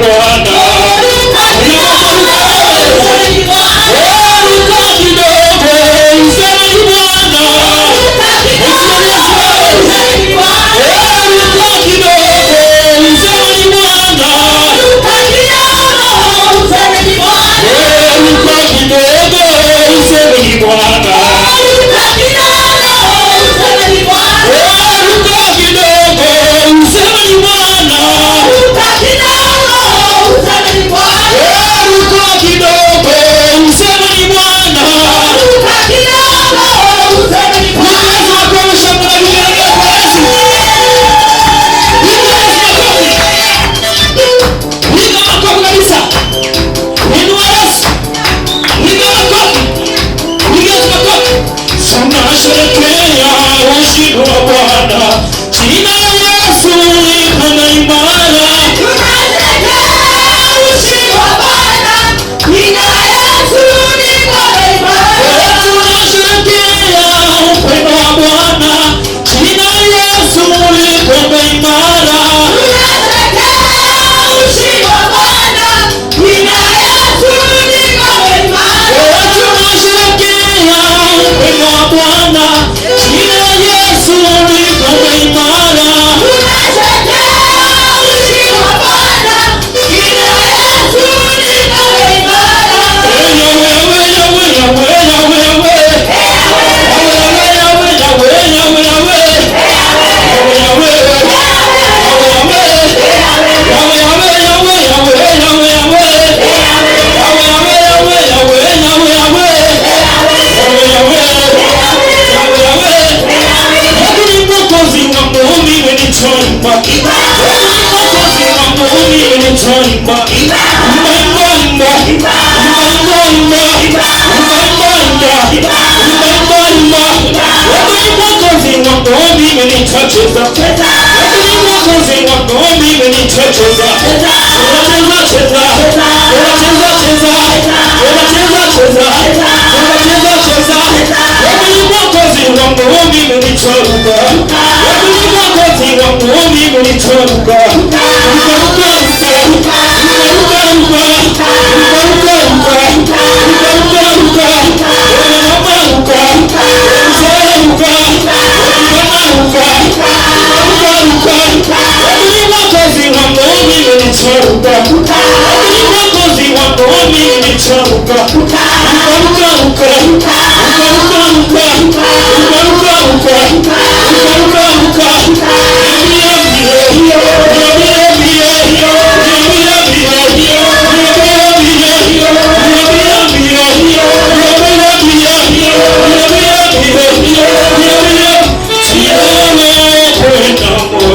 people nitaruka nitaruka nitaruka nitaruka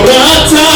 Torata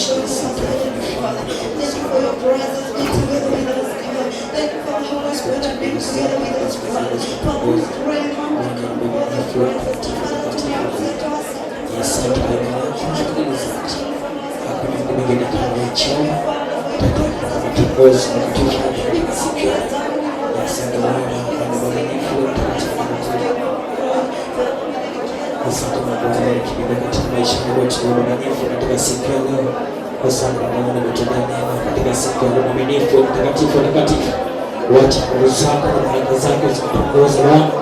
precious Son, Father. Thank you for your presence being together with us, God. Thank you for the Holy Spirit that being together with us, come Father, we pray, Mama, for the presence to Father to your feet, our Tukoze na kutukuza. Asante Bwana, kwa neema yako. kwa sana kuendelea kidogo katika maisha yangu tunaona uaminifu katika siku ya leo kwa sana naona nimetenda neema katika siku ya leo uaminifu mtakatifu mtakatifu wacha kuzako na baraka zako zikutongoze wangu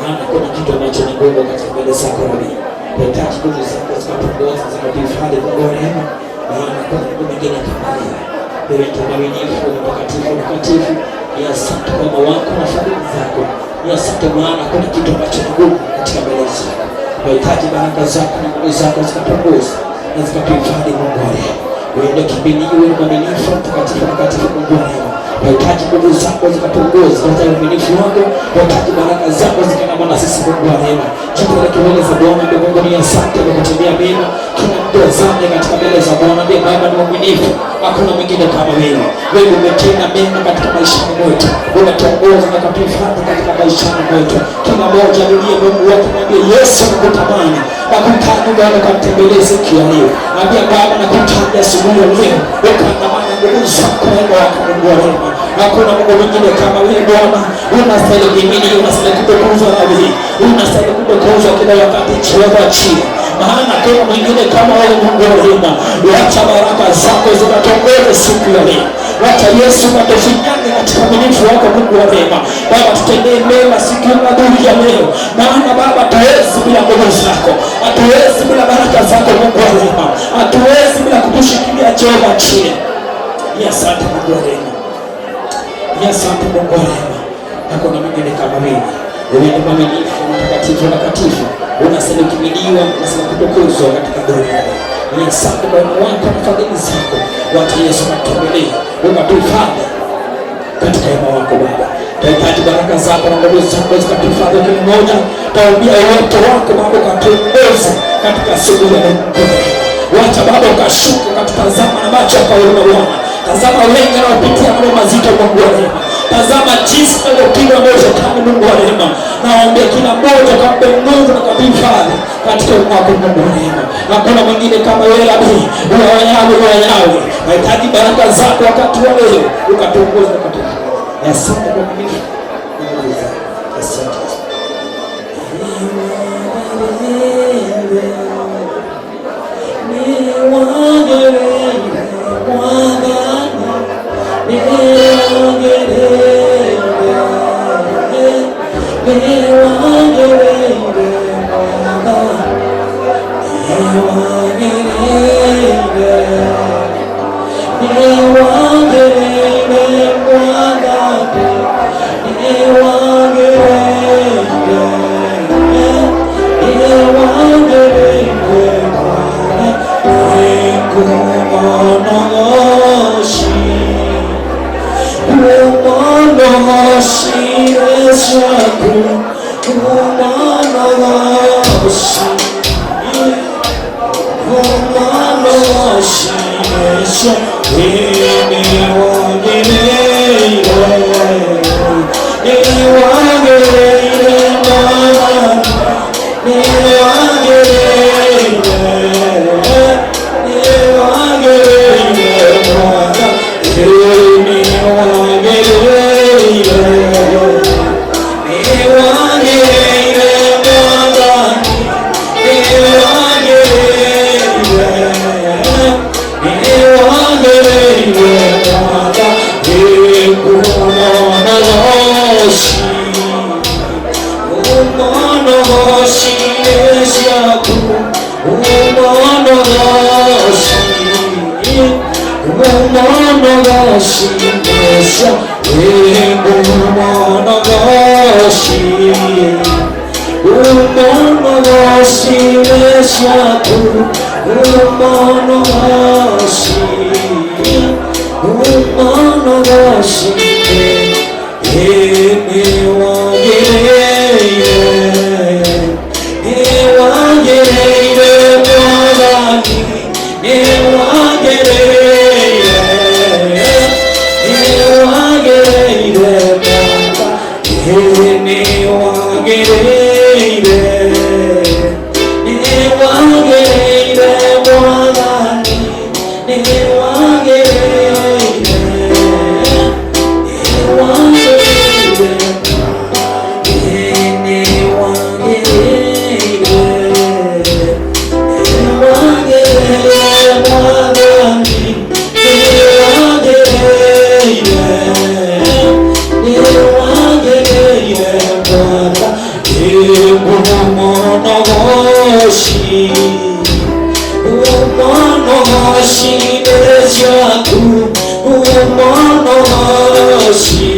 maana kuna kitu ambacho ni ngumu katika mbele zako Rabi nahitaji nguvu zako zikutongoze zikatuhifadhi kwa neema maana kuna nguvu nyingine kama hiyo wewe tu mwaminifu mtakatifu mtakatifu ya sante kwa wako na fadhili zako ya sante maana kuna kitu ambacho ni ngumu katika mbele zako Tunahitaji baraka zako zako zikatuongoze na zikatuhifadhi, Mungu wa rehema. Uende kimbiliwe mwaminifu mtakatifu mtakatifu, Mungu wa rehema Nahitaji nguvu zako zikatongoze katika uaminifu wako, wakati baraka zako zikana. Bwana sisi Mungu wa rehema, na kiwele za Bwana ndio Mungu ni asante kwa kutendea mema. Kila mtu azame katika mbele za Bwana ndiye Baba ni mwaminifu, hakuna mwingine kama wewe. Wewe umetenda mema katika maisha yetu, umetongoza na kutufuata katika maisha yetu. Kila mmoja aliye Mungu wetu mwambie Yesu nakutamani, nakutamani Bwana, kamtembelee siku ya leo. Mwambie Baba nakutamani asubuhi ya leo, ukaandamana utukuza Mungu wako Mungu wa rehema. Hakuna Mungu mwingine kama wewe Bwana. Unastahili kuhimidi, unastahili kutukuzwa na wewe. Unastahili kutukuzwa kila wakati Jehova chini. Maana hakuna mwingine kama wewe Mungu wa rehema. Wacha baraka zako zikatongeze siku ya leo. Wacha Yesu katufinyane katika mwaminifu wako Mungu wa mema. Baba tutendee mema siku ya dhuhuri ya leo. Maana Baba hatuwezi bila nguvu zako. Hatuwezi bila baraka zako Mungu wa rehema. Hatuwezi bila kutushikilia Jehova chini ni asante Mungu wa rehema, ni asante Mungu wa rehema. kuna mwingine kama wewe. Wewe ni mwaminifu na mtakatifu na katifu, unasema kimiliwa, unasema kutukuzwa katika duniani. Ni asante kwa Mungu wako na fadhili zako, Watu Yesu atuongoze, ukatufanye katika wema wako Baba. Tunahitaji baraka zako na nguvu zako zikatufanye kila mmoja, taubia wote wako Baba, ukatuongoze katika siku ya leo. Wacha Baba ukashuka, ukatutazama na macho kwa yako Bwana Tazama wengi wanaopitia mambo mazito, Mungu wa rehema. Tazama jinsi waliopigwa mbele Shetani, Mungu wa rehema. Nawaombea kila mmoja kampe nguvu na kampe katika upako, Mungu wa rehema. Hakuna mwingine kama wewe Rabi, wewe Yawe, wewe Yawe. Nahitaji baraka zako wakati wa leo, ukatuongoze katika. Asante kwa mimi. しいでしょう上物のし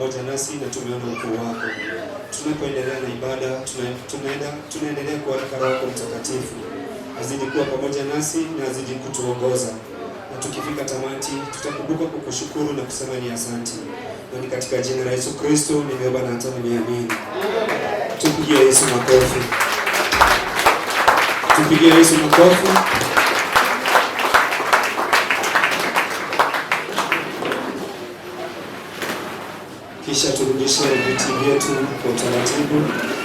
pamoja nasi na tumeona ukuu wako. Tunapoendelea na ibada, tunaenda tunaendelea kuarika Roho Mtakatifu azidi kuwa pamoja nasi na azidi kutuongoza, na tukifika tamati tutakumbuka kukushukuru na kusema ni asante, na ni katika jina la Yesu Kristo nimeomba na hata nimeamini. Tupigie Yesu makofi, tupigie Yesu makofi. yetu kwa utaratibu